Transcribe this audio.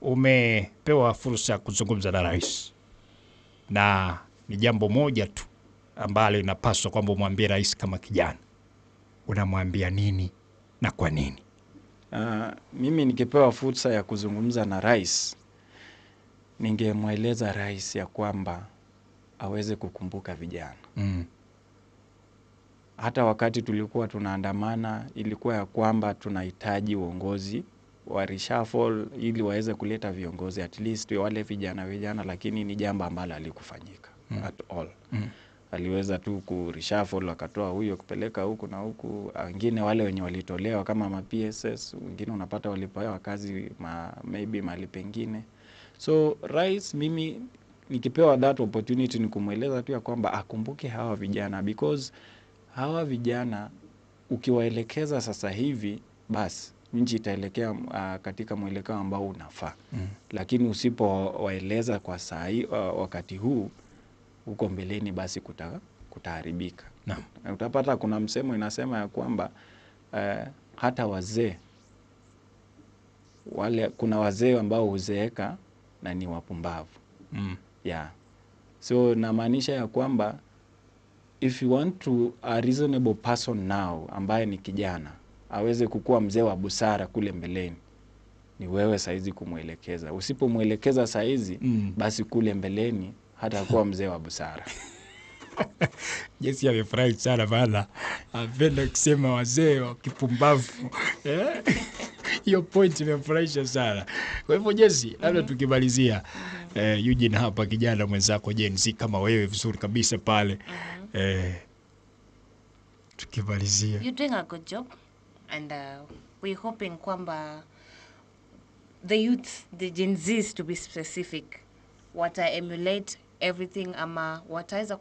umepewa fursa ya kuzungumza na rais, na ni jambo moja tu ambalo inapaswa kwamba umwambie rais. Kama kijana unamwambia nini na kwa nini? Uh, mimi nikipewa fursa ya kuzungumza na rais, ningemweleza rais ya kwamba aweze kukumbuka vijana mm. Hata wakati tulikuwa tunaandamana ilikuwa ya kwamba tunahitaji uongozi warishafol ili waweze kuleta viongozi at least wale vijana vijana, lakini ni jambo ambalo alikufanyika mm. at all mm. aliweza tu kurishafol wakatoa huyo kupeleka huku na huku, ah, wengine wale wenye walitolewa kama mapss wengine unapata walipewa kazi ma, maybe mali pengine. So rais mimi nikipewa that opportunity ni kumweleza tu ya kwamba akumbuke hawa vijana because hawa vijana ukiwaelekeza sasa hivi basi nchi itaelekea uh, katika mwelekeo ambao unafaa mm. Lakini usipowaeleza kwa saa uh, wakati huu huko mbeleni, basi kuta, kutaharibika no. Utapata kuna msemo inasema ya kwamba uh, hata wazee wale, kuna wazee ambao huzeeka na ni wapumbavu mm. yeah. So namaanisha ya kwamba if you want to a reasonable person now ambaye ni kijana aweze kukuwa mzee wa busara kule mbeleni ni wewe saizi kumwelekeza. Usipomwelekeza saizi mm, basi kule mbeleni hata kuwa mzee wa busara. Jesi amefurahi sana maana apenda kusema wazee wa kipumbavu eh? hiyo point imefurahisha sana. Kwa hivyo Jesi, labda tukimalizia eh, Eugene hapa, kijana mwenzako Gen kama wewe vizuri kabisa pale mhm. eh, tukimalizia and uh, we're hoping kwamba the youth the Gen to be specific wata emulate everything ama wataweza